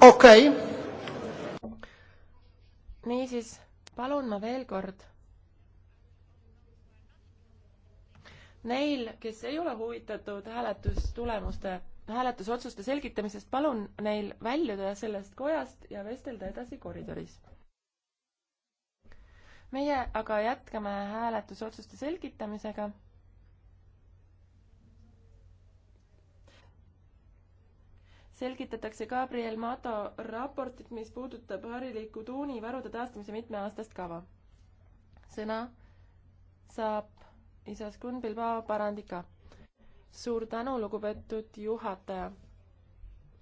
okei okay.. niisiis, palun ma veel kord. Neil, kes ei ole huvitatud hääletustulemuste, hääletusotsuste selgitamisest, palun neil väljuda sellest kojast ja vestelda edasi koridoris. meie aga jätkame hääletusotsuste selgitamisega selgitatakse Gabriel Mato raportit, mis puudutab hariliku tuuni varude taastamise mitmeaastast kava. sõna saab Isaskun Bilbao Parandika. suur tänu, lugupeetud juhataja.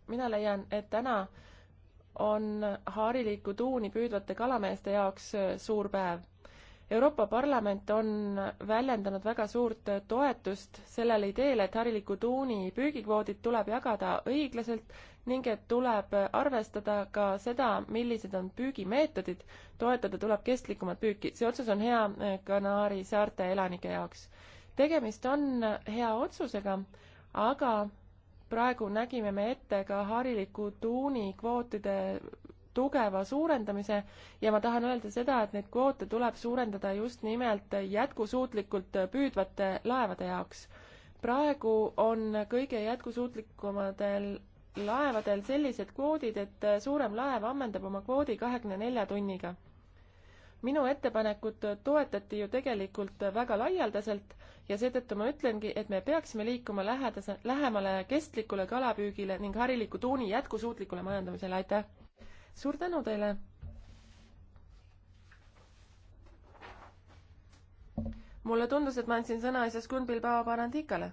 mina leian, et täna on hariliku tuuni püüdvate kalameeste jaoks äh, suur päev Euroopa Parlament on väljendanud väga suurt toetust sellele ideele, et hariliku tuuni püügikvoodid tuleb jagada õiglaselt ning et tuleb arvestada ka seda, millised on püügimeetodid, toetada tuleb kestlikumat püüki. see otsus on hea eh, Kanaari saarte elanike jaoks. tegemist on hea otsusega, aga praegu nägime me ette ka hariliku tuuni kvootide tugeva suurendamise ja ma tahan öelda seda, et neid kvoote tuleb suurendada just nimelt jätkusuutlikult püüdvate laevade jaoks. praegu on kõige jätkusuutlikumadel laevadel sellised kvoodid, et suurem laev ammendab oma kvoodi kahekümne nelja tunniga. minu ettepanekut toetati ju tegelikult väga laialdaselt ja seetõttu ma ütlengi, et me peaksime liikuma lähedase, lähemale kestlikule kalapüügile ning hariliku tuuni jätkusuutlikule majandamisele, aitäh! suur tänu teile! mulle tundus, et ma andsin sõna asjas Gunbil Paavo Barandikale.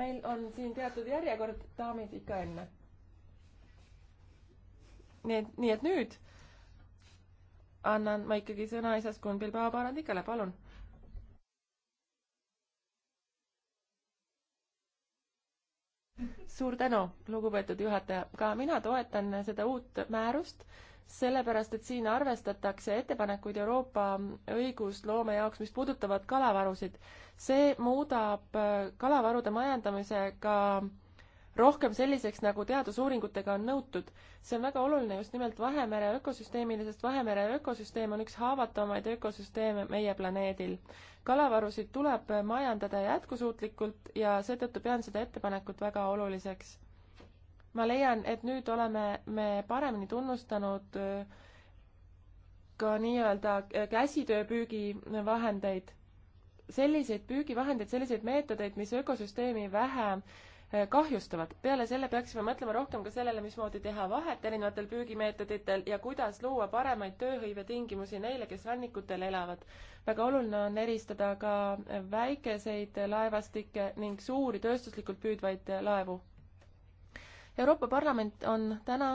meil on siin teatud järjekord, daamid ikka enne. nii et, nii et nüüd annan ma ikkagi sõna asjas Gunbil Paavo Barandikale, palun suur tänu, lugupeetud juhataja, ka mina toetan seda uut määrust, sellepärast et siin arvestatakse ettepanekuid Euroopa õigusloome jaoks, mis puudutavad kalavarusid. see muudab kalavarude majandamise ka äh, rohkem selliseks, nagu teadusuuringutega on nõutud. see on väga oluline just nimelt Vahemere ökosüsteemile, sest Vahemere ökosüsteem on üks haavatavamaid ökosüsteeme meie planeedil. kalavarusid tuleb majandada jätkusuutlikult ja seetõttu pean seda ettepanekut väga oluliseks. ma leian, et nüüd oleme me paremini tunnustanud äh, ka nii-öelda äh, käsitööpüügi vahendeid, selliseid püügivahendeid, selliseid meetodeid, mis ökosüsteemi vähe Eh, kahjustavad. peale selle peaksime mõtlema rohkem ka sellele, mismoodi teha vahet erinevatel püügimeetoditel ja kuidas luua paremaid tööhõivetingimusi neile, kes rannikutel elavad. väga oluline on eristada ka väikeseid laevastikke ning suuri tööstuslikult püüdvaid laevu. Euroopa Parlament on täna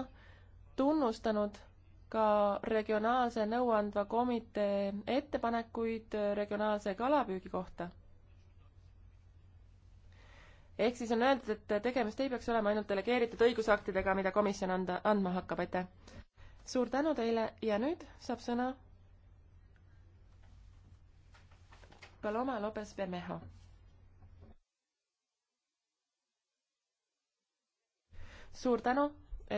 tunnustanud ka regionaalse nõuandva komitee ettepanekuid regionaalse kalapüügi kohta ehk siis on öeldud, et tegemist ei peaks olema ainult delegeeritud õigusaktidega, mida komisjon anda, andma hakkab, aitäh. suur tänu teile ja nüüd saab sõna Paloma Lopez Bermejo. suur tänu,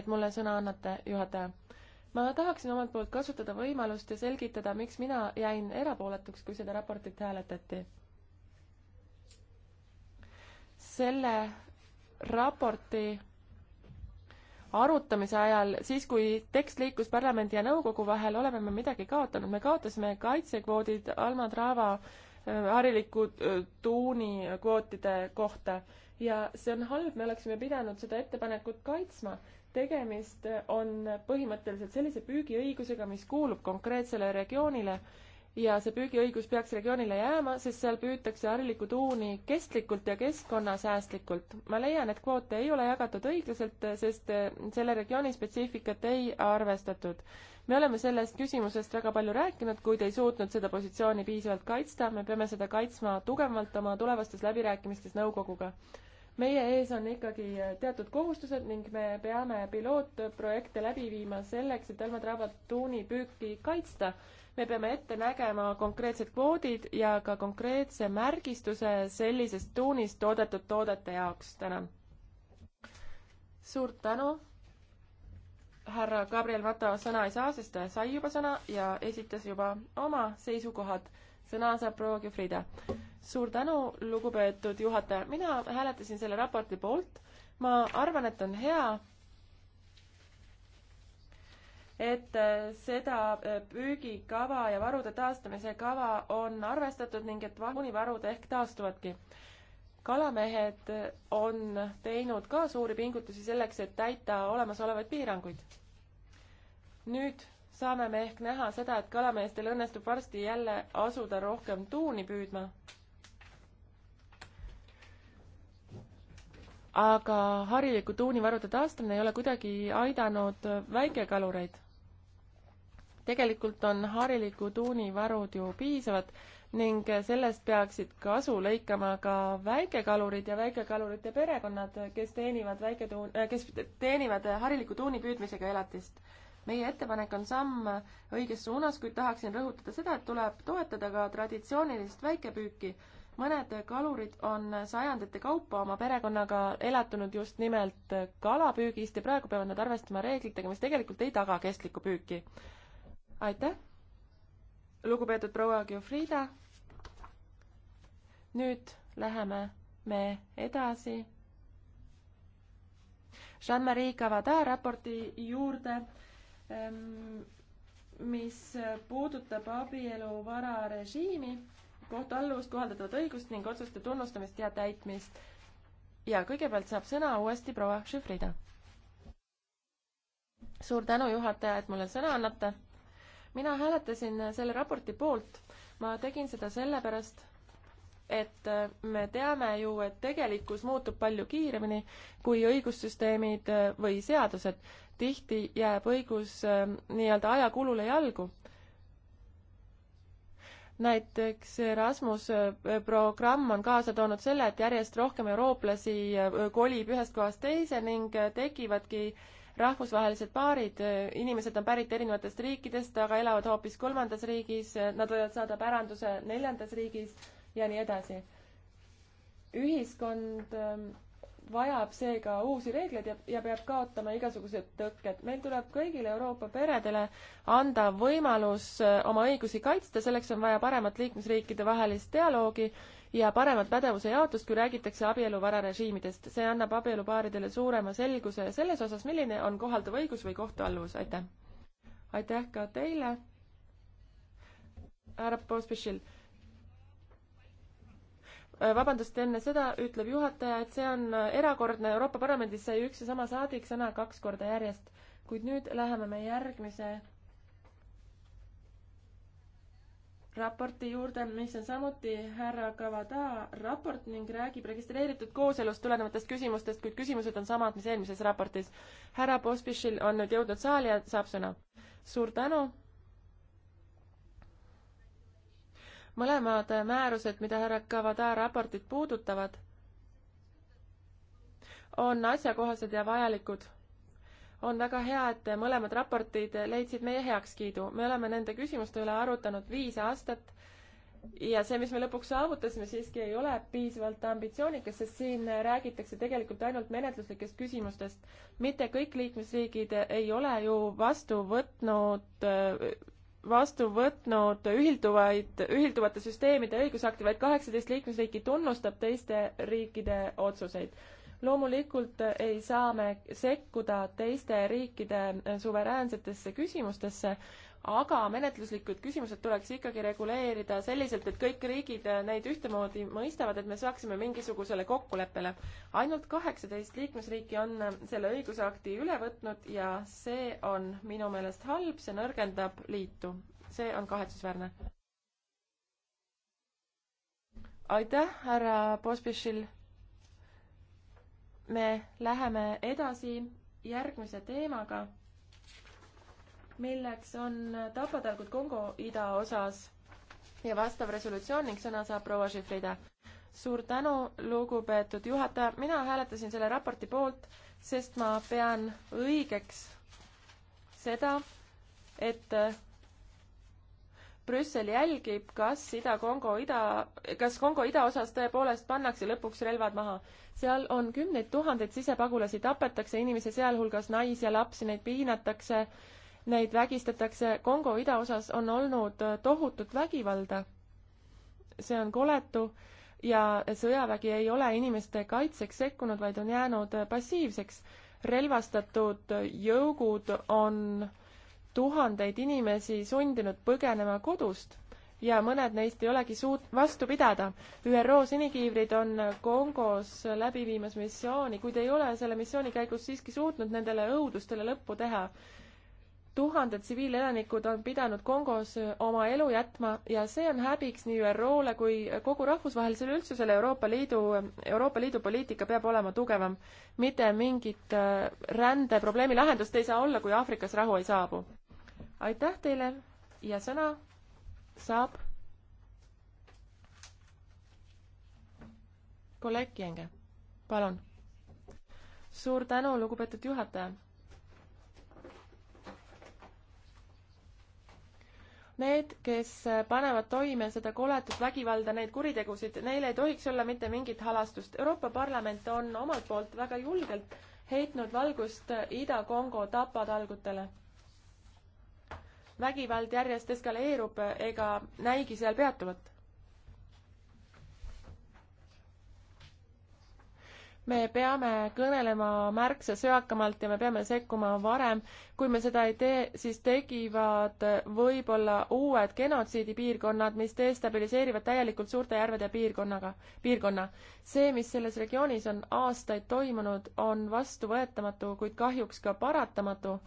et mulle sõna annate, juhataja. ma tahaksin omalt poolt kasutada võimalust ja selgitada, miks mina jäin erapooletuks, kui seda raportit hääletati selle raporti arutamise ajal, siis kui tekst liikus parlamendi ja nõukogu vahel, oleme me midagi kaotanud, me kaotasime kaitsekvoodid Alma Drava äh, hariliku äh, tuuni kvootide kohta ja see on halb, me oleksime pidanud seda ettepanekut kaitsma. tegemist on põhimõtteliselt sellise püügiõigusega, mis kuulub konkreetsele regioonile ja see püügiõigus peaks regioonile jääma, sest seal püütakse harilikku tuuni kestlikult ja keskkonnasäästlikult. ma leian, et kvoote ei ole jagatud õiglaselt, sest eh, selle regiooni spetsiifikat ei arvestatud. me oleme sellest küsimusest väga palju rääkinud, kuid ei suutnud seda positsiooni piisavalt kaitsta, me peame seda kaitsma tugevamalt oma tulevastes läbirääkimistes nõukoguga meie ees on ikkagi eh, teatud kohustused ning me peame pilootprojekte läbi viima selleks, et Elmar Traabat tuunipüüki kaitsta me peame ette nägema konkreetsed kvoodid ja ka konkreetse märgistuse sellisest tuunist toodetud toodete jaoks. tänan. suur tänu. härra Gabriel Mato sõna ei saa, sest ta sai juba sõna ja esitas juba oma seisukohad. sõna saab proua Gefrida. suur tänu, lugupeetud juhataja. mina hääletasin selle raporti poolt. ma arvan, et on hea et äh, seda äh, püügikava ja varude taastamise kava on arvestatud ning et vahunivarud ehk taastuvadki. kalamehed äh, on teinud ka suuri pingutusi selleks, et täita olemasolevaid piiranguid. nüüd saame me ehk näha seda, et kalameestel õnnestub varsti jälle asuda rohkem tuuni püüdma. aga hariliku tuunivarude taastamine ei ole kuidagi aidanud väikekalureid tegelikult on hariliku tuuni varud ju piisavad ning sellest peaksid kasu lõikama ka väikekalurid ja väikekalurite perekonnad, kes teenivad väiketuun-, äh, kes teenivad hariliku tuuni püüdmisega elatist. meie ettepanek on samm õiges suunas, kuid tahaksin rõhutada seda, et tuleb toetada ka traditsioonilist väikepüüki. mõned kalurid on sajandite kaupa oma perekonnaga elatunud just nimelt kalapüügist ja praegu peavad nad arvestama reeglitega, mis tegelikult ei taga kestlikku püüki aitäh, lugupeetud proua Geofrida. nüüd läheme me edasi Jean-Marie Cavada raporti juurde, ehm, mis puudutab abielu vararežiimi, kohtualluvust, kohaldatavat õigust ning otsuste tunnustamist ja täitmist. ja kõigepealt saab sõna uuesti proua Šifrida. suur tänu, juhataja, et mulle sõna annate mina hääletasin selle raporti poolt. ma tegin seda sellepärast, et me teame ju, et tegelikkus muutub palju kiiremini kui õigussüsteemid või seadused. tihti jääb õigus ähm, nii-öelda ajakulule jalgu näiteks Erasmus äh, programm on kaasa toonud selle, et järjest rohkem eurooplasi äh, kolib ühest kohast teise ning äh, tekivadki rahvusvahelised paarid, inimesed on pärit erinevatest riikidest, aga elavad hoopis kolmandas riigis, nad võivad saada päranduse neljandas riigis ja nii edasi. ühiskond ähm, vajab seega uusi reegleid ja, ja peab kaotama igasugused tõkked. meil tuleb kõigile Euroopa peredele anda võimalus äh, oma õigusi kaitsta, selleks on vaja paremat liikmesriikide vahelist dialoogi ja paremat pädevuse jaotust, kui räägitakse abieluvara režiimidest. see annab abielupaaridele suurema selguse selles osas, milline on kohalduv õigus või kohtualluvus. aitäh! aitäh ka teile, härra Pospišil! Äh, vabandust, enne seda ütleb juhataja, et see on äh, erakordne, Euroopa Parlamendis sai üks ja sama saadik sõna kaks korda järjest, kuid nüüd läheme me järgmise raporti juurde, mis on samuti härra Kavada raport ning räägib registreeritud kooselust tulenevatest küsimustest, kuid küsimused on samad, mis eelmises raportis. härra Pospišil on nüüd jõudnud saali ja saab sõna. suur tänu. mõlemad määrused, mida härra Kavada raportid puudutavad, on asjakohased ja vajalikud on väga hea, et mõlemad raportid leidsid meie heakskiidu. me oleme nende küsimuste üle arutanud viis aastat ja see, mis me lõpuks saavutasime, siiski ei ole piisavalt ambitsioonikas, sest siin räägitakse tegelikult ainult menetluslikest küsimustest. mitte kõik liikmesriigid ei ole ju vastu võtnud vastu võtnud ühilduvaid, ühilduvate süsteemide õigusakti, vaid kaheksateist liikmesriiki tunnustab teiste riikide otsuseid loomulikult ei saa me sekkuda teiste riikide suveräänsetesse küsimustesse, aga menetluslikud küsimused tuleks ikkagi reguleerida selliselt, et kõik riigid neid ühtemoodi mõistavad, et me saaksime mingisugusele kokkuleppele. ainult kaheksateist liikmesriiki on selle õigusakti üle võtnud ja see on minu meelest halb, see nõrgendab liitu. see on kahetsusväärne. aitäh, härra Pospišil me läheme edasi järgmise teemaga, milleks on tapatalgud Kongo idaosas ja vastav resolutsioon ning sõna saab proua Šifrida. suur tänu, lugupeetud juhataja, mina hääletasin selle raporti poolt, sest ma pean õigeks seda, et Brüssel jälgib, kas Ida-Kongo ida, kas Kongo idaosas tõepoolest pannakse lõpuks relvad maha. seal on kümneid tuhandeid sisepagulasi, tapetakse inimesi, sealhulgas naisi ja lapsi, neid piinatakse, neid vägistatakse. Kongo idaosas on olnud tohutut vägivalda. see on koletu ja sõjavägi ei ole inimeste kaitseks sekkunud, vaid on jäänud passiivseks. relvastatud jõugud on äh, tuhandeid inimesi sundinud põgenema kodust ja mõned neist ei olegi suut-, vastu pidada. ÜRO sinikiivrid on Kongos läbi viimas missiooni, kuid ei ole selle missiooni käigus siiski suutnud nendele õudustele lõppu teha. tuhanded tsiviilelanikud on pidanud Kongos oma elu jätma ja see on häbiks nii ÜRO-le kui kogu rahvusvahelisele üldsusele. Euroopa Liidu, Euroopa Liidu poliitika peab olema tugevam. mitte mingit äh, rändeprobleemi lahendust ei saa olla, kui Aafrikas rahu ei saabu aitäh teile ja sõna saab kolleeg Jänge, palun. suur tänu, lugupeetud juhataja need, kes panevad toime seda koletut vägivalda, neid kuritegusid, neil ei tohiks olla mitte mingit halastust. Euroopa Parlament on omalt poolt väga julgelt heitnud valgust Ida-Kongo tapatalgutele vägivald järjest eskaleerub ega näigi seal peatuvat. me peame kõnelema märksa söakamalt ja me peame sekkuma varem. kui me seda ei tee, siis tekivad võib-olla uued genotsiidipiirkonnad, mis destabiliseerivad täielikult suurte järvede piirkonnaga, piirkonna. see, mis selles regioonis on aastaid toimunud, on vastuvõetamatu, kuid kahjuks ka paratamatu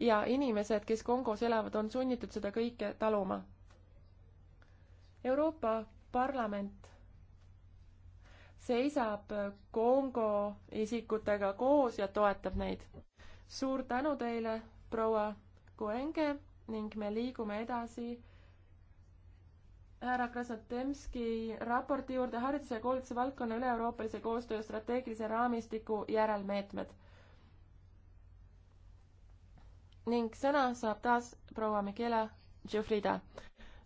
ja inimesed, kes Kongos elavad, on sunnitud seda kõike taluma. Euroopa Parlament seisab Kongo isikutega koos ja toetab neid. suur tänu teile, proua Koenge ning me liigume edasi härra Krasnotemski raporti juurde hariduse ja koolituse valdkonna üle-euroopalise koostöö strateegilise raamistiku järelmeetmed ning sõna saab taas proua Michela Giuffrida.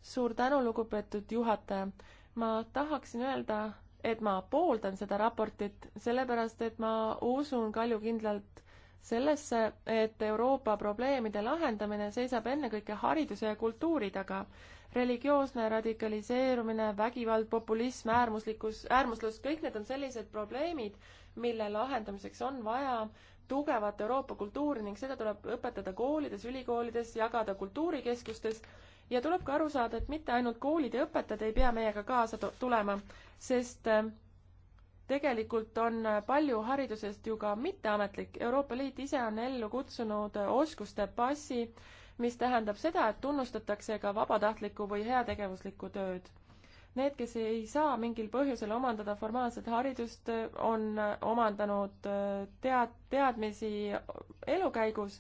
suur tänu, lugupeetud juhataja. ma tahaksin öelda, et ma pooldan seda raportit, sellepärast et ma usun kaljukindlalt sellesse, et Euroopa probleemide lahendamine seisab ennekõike hariduse ja kultuuri taga. religioosne radikaliseerumine, vägivald, populism, äärmuslikkus, äärmuslus, kõik need on sellised probleemid, mille lahendamiseks on vaja tugevat Euroopa kultuuri ning seda tuleb õpetada koolides, ülikoolides, jagada kultuurikeskustes ja tuleb ka aru saada, et mitte ainult koolid ja õpetajad ei pea meiega kaasa tulema, sest äh, tegelikult on äh, palju haridusest ju ka mitteametlik. Euroopa Liit ise on ellu kutsunud äh, oskuste passi, mis tähendab seda, et tunnustatakse ka vabatahtlikku või heategevuslikku tööd Need, kes ei saa mingil põhjusel omandada formaalset haridust, on äh, omandanud äh, tead-, teadmisi elu käigus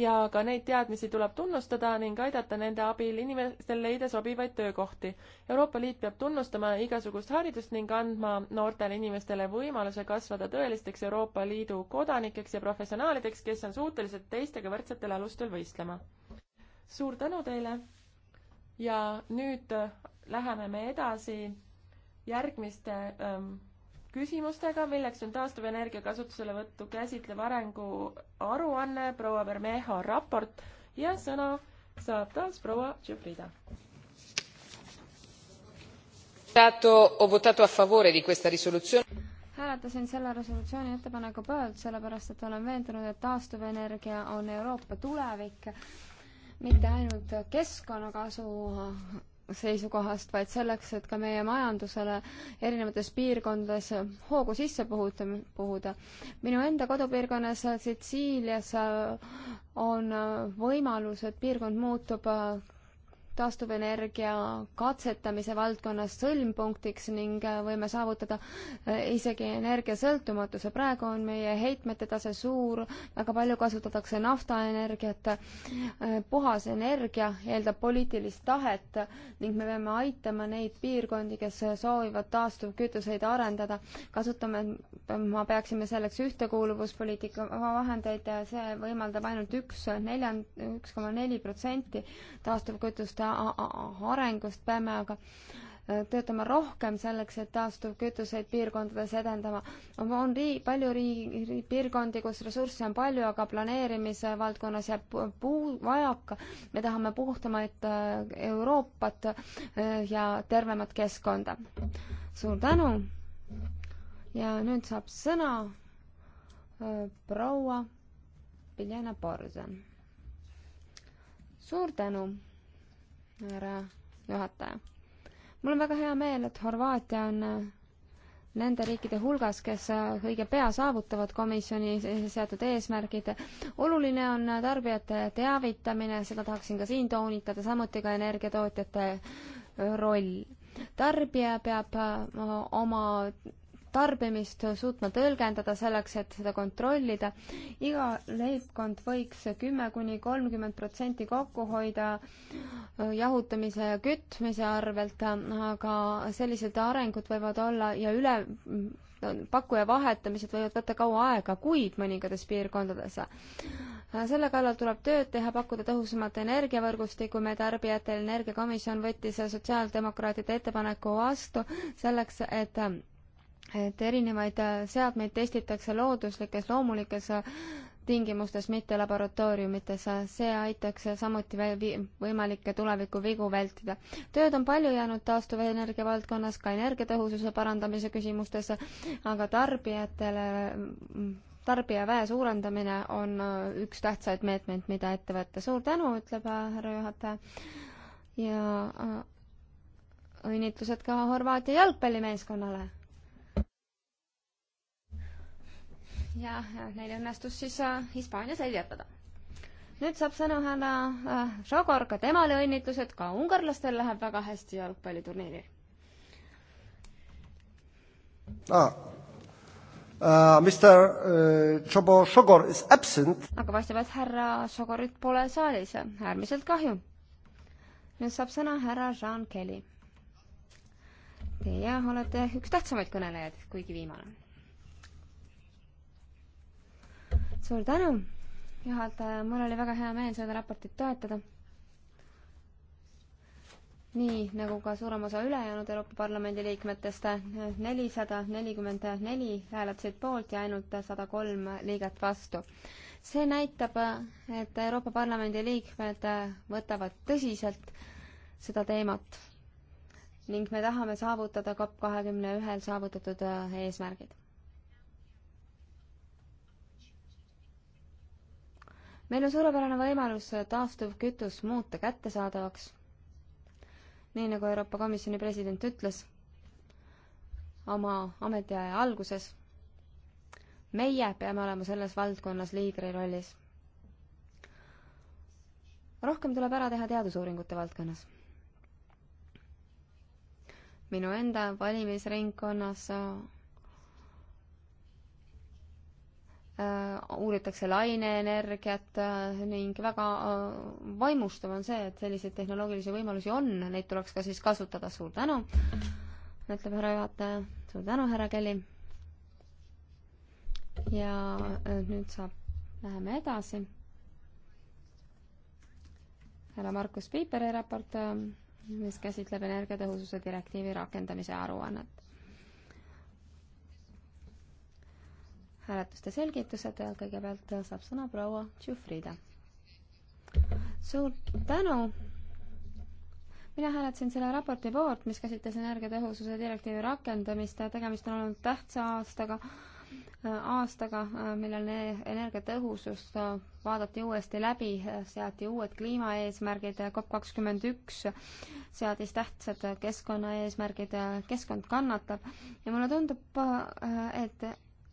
ja ka neid teadmisi tuleb tunnustada ning aidata nende abil inimestel leida sobivaid töökohti. Euroopa Liit peab tunnustama igasugust haridust ning andma noortele inimestele võimaluse kasvada tõelisteks Euroopa Liidu kodanikeks ja professionaalideks, kes on suutelised teistega võrdsetel alustel võistlema. suur tänu teile ja nüüd äh, läheme me edasi järgmiste ähm, küsimustega, milleks on taastuvenergia kasutuselevõttu käsitlev arengu aruanne, proua Bermejo raport ja sõna saab taas proua Tšufrida. hääletasin selle resolutsiooni ettepaneku poolt, sellepärast et olen veendunud, et taastuvenergia on Euroopa tulevik, mitte ainult keskkonnakasu seisukohast, vaid selleks, et ka meie majandusele erinevates piirkondades hoogu sisse puhuda, puhuda. minu enda kodupiirkonnas Sitsiilias on võimalus, et piirkond muutub taastuvenergia katsetamise valdkonnas sõlmpunktiks ning äh, võime saavutada äh, isegi energiasõltumatuse. praegu on meie heitmete tase suur, väga palju kasutatakse naftaenergiat. Äh, puhas energia eeldab poliitilist tahet ning me peame aitama neid piirkondi, kes soovivad taastuvkütuseid arendada. kasutame, ma peaksime selleks ühtekuuluvuspoliitika vahendeid, see võimaldab ainult üks neljand-, üks koma neli protsenti taastuvkütuste arengust peame aga äh, töötama rohkem selleks, et taastuvkütuseid piirkondades edendama. on rii-, palju rii-, rii, piirkondi, kus ressursse on palju, aga planeerimise valdkonnas jääb puu-, vajaka. me tahame puhtamaid äh, Euroopat äh, ja tervemat keskkonda. suur tänu! ja nüüd saab sõna proua Biljana Borzen. suur tänu! härra juhataja. mul on väga hea meel, et Horvaatia on äh, nende riikide hulgas, kes äh, õige pea saavutavad komisjoni seatud eesmärgid. oluline on tarbijate teavitamine, seda tahaksin ka siin toonitada, samuti ka energiatootjate äh, roll. tarbija peab oma tarbimist suutma tõlgendada selleks, et seda kontrollida. iga leibkond võiks kümme kuni kolmkümmend protsenti kokku hoida äh, jahutamise ja kütmise arvelt, aga sellised arengud võivad olla ja üle äh, pakkuja vahetamised võivad võtta kaua aega, kuid mõningates piirkondades. Äh, selle kallal tuleb tööd teha, pakkuda tõhusamat energiavõrgustikku, meie tarbijatele energiakomisjon võttis sotsiaaldemokraatide ettepaneku vastu selleks, et et erinevaid äh, seadmeid testitakse looduslikes, loomulikes äh, tingimustes, mitte laboratooriumites, see aitaks samuti võimalikke tulevikuvigu vältida. tööd on palju jäänud taastuvenergia valdkonnas, ka energiatõhususe parandamise küsimustes, aga tarbijatele mm, tarbijaväe suurendamine on äh, üks tähtsaid meetmeid, mida ette võtta. suur tänu, ütleb härra juhataja. ja õnnitlused ka Horvaatia jalgpallimeeskonnale ja neil õnnestus siis äh, Hispaania seljatada. nüüd saab sõna härra äh, Žagor, ka temale õnnitlused, ka ungarlastel läheb väga hästi jalgpalliturniiril ah.. Uh, ah, Mr uh, äh, Tšobo Šogor is absent. aga paistab, et härra Šogorit pole saalis, äärmiselt kahju. nüüd saab sõna härra Jean Kelly. Teie olete üks tähtsamaid kõnelejaid, kuigi viimane suur tänu, juhataja, mul oli väga hea meel seda raportit toetada. nii nagu ka suurem osa ülejäänud Euroopa Parlamendi liikmetest, nelisada nelikümmend neli hääletasid poolt ja ainult sada kolm liiget vastu. see näitab, et Euroopa Parlamendi liikmed võtavad tõsiselt seda teemat ning me tahame saavutada COP kahekümne ühel saavutatud eesmärgid meil on suurepärane võimalus taastuvkütus muuta kättesaadavaks, nii nagu Euroopa Komisjoni president ütles oma ametiaja alguses. meie peame olema selles valdkonnas liidri rollis. rohkem tuleb ära teha teadusuuringute valdkonnas minu enda valimisringkonnas Äh, uuritakse laineenergiat äh, ning väga äh, vaimustav on see, et selliseid tehnoloogilisi võimalusi on, neid tuleks ka siis kasutada. suur tänu, ütleb härra juhataja. suur tänu, härra Kelly. ja nüüd saab, läheme edasi. härra Markus Piiperi raport, mis käsitleb energiatõhususe direktiivi rakendamise aruannet hääletuste selgitused ja kõigepealt saab sõna proua Tšufrida. suur tänu! mina hääletasin selle raporti poolt, mis käsitles energiatõhususe direktiivi rakendamist, tegemist on olnud tähtsa aastaga, aastaga, millal energiatõhusust vaadati uuesti läbi, seati uued kliimaeesmärgid, COP kakskümmend üks seadis tähtsad keskkonnaeesmärgid, keskkond kannatab ja mulle tundub, et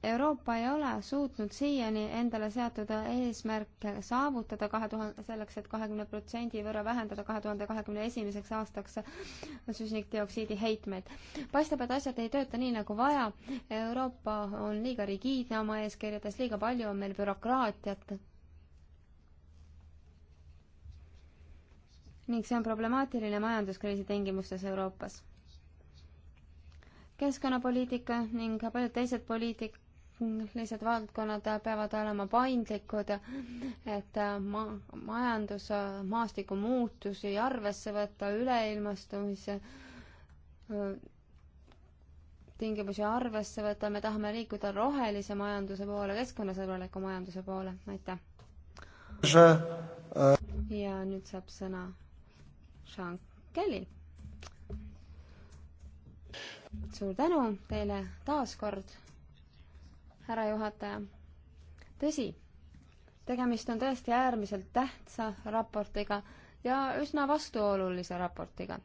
Euroopa ei ole suutnud siiani endale seatud eesmärke saavutada kahe tuhande, selleks, et kahekümne protsendi võrra vähendada kahe tuhande kahekümne esimeseks aastaks süsinikdioksiidi heitmeid. paistab, et asjad ei tööta nii, nagu vaja. Euroopa on liiga rigiidne oma eeskirjades, liiga palju on meil bürokraatiat. ning see on problemaatiline majanduskriisi tingimustes Euroopas keskkonnapoliitika ning paljud teised poliitik-, tehnilised valdkonnad peavad olema paindlikud, et ma-, majandus, maastiku muutusi arvesse võtta, üleilmastumise tingimusi arvesse võtta, me tahame liikuda rohelise majanduse poole, keskkonnasõbraliku majanduse poole, aitäh. Äh, ja nüüd saab sõna Sean Kelly. suur tänu teile taas kord härra juhataja. tõsi, tegemist on tõesti äärmiselt tähtsa raportiga ja üsna vastuolulise raportiga.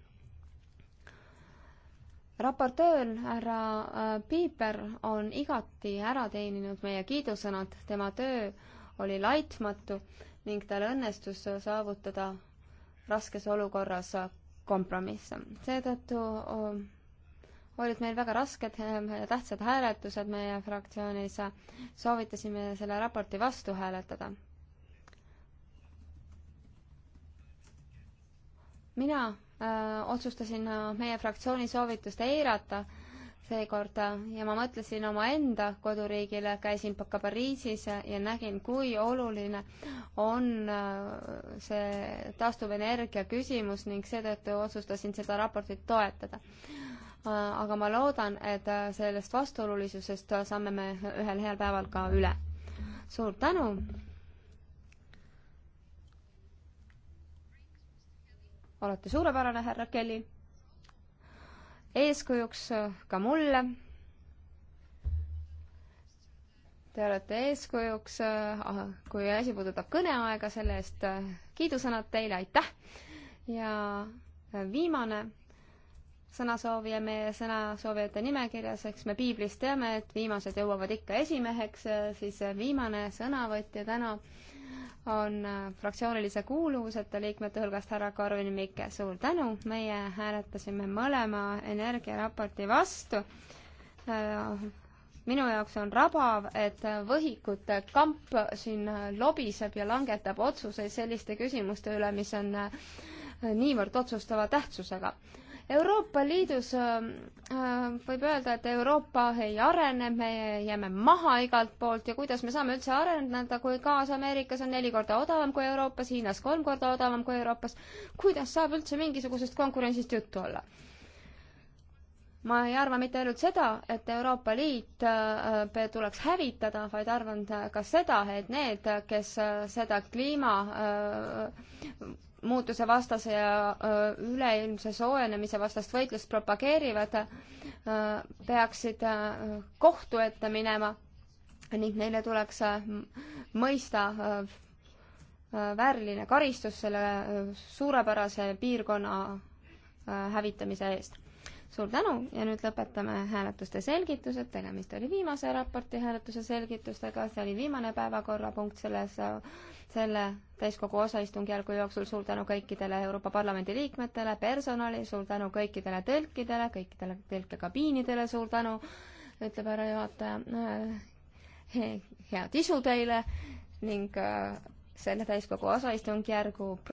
raportöör härra äh, Piiper on igati ära teeninud meie kiidusõnad, tema töö oli laitmatu ning tal õnnestus saavutada raskes olukorras kompromiss. seetõttu äh, olid meil väga rasked ehm, ja tähtsad hääletused meie fraktsioonis, soovitasime selle raporti vastu hääletada. mina öö, äh, otsustasin äh, meie fraktsiooni soovitust eirata seekord äh, ja ma mõtlesin omaenda koduriigile, käisin ka Pariisis ja nägin, kui oluline on see taastuvenergia küsimus ning seetõttu otsustasin seda raportit toetada. Äh, aga ma loodan, et äh, sellest vastuolulisusest saame me ühel heal päeval ka üle. suur tänu. olete suurepärane, härra Kelly. eeskujuks äh, ka mulle. Te olete eeskujuks, ah, kui asi puudutab kõneaega, selle eest kiidusõnad teile, aitäh. ja viimane sõnasoovija meie sõnasoovijate nimekirjas, eks me piiblist teame, et viimased jõuavad ikka esimeheks, siis viimane sõnavõtja täna on äh, fraktsioonilise kuuluvuseta liikmete hulgast härra Karvin Mikke, suur tänu, meie hääletasime mõlema energiaraporti vastu. Äh, minu jaoks on rabav, et võhikute kamp siin äh, lobiseb ja langetab otsuseid selliste küsimuste üle, mis on niivõrd otsustava tähtsusega Euroopa Liidus ähm, ähm, võib öelda, et Euroopa ei arene, me jääme maha igalt poolt ja kuidas me saame üldse areneda, kui Kaas-Ameerikas on neli korda odavam kui Euroopas, Hiinas kolm korda odavam kui Euroopas. kuidas saab üldse mingisugusest konkurentsist juttu olla? ma ei arva mitte ainult seda, et Euroopa Liit äh, tuleks hävitada, vaid arvan ka seda, et need, kes äh, seda kliima äh, muutuse vastase ja üleilmse soojenemise vastast võitlust propageerivad, peaksid kohtu ette minema ning neile tuleks mõista vääriline karistus selle suurepärase piirkonna hävitamise eest suur tänu ja nüüd lõpetame hääletuste selgitused, tegemist oli viimase raporti hääletuse selgitustega, see oli viimane päevakorrapunkt selles, selle täiskogu osaistungjärgu jooksul, suur tänu kõikidele Euroopa Parlamendi liikmetele, personali, suur tänu kõikidele tõlkidele, kõikidele tõlkekabiinidele, suur tänu, ütleb härra juhataja, head isu teile ning äh, selle täiskogu osaistungjärgu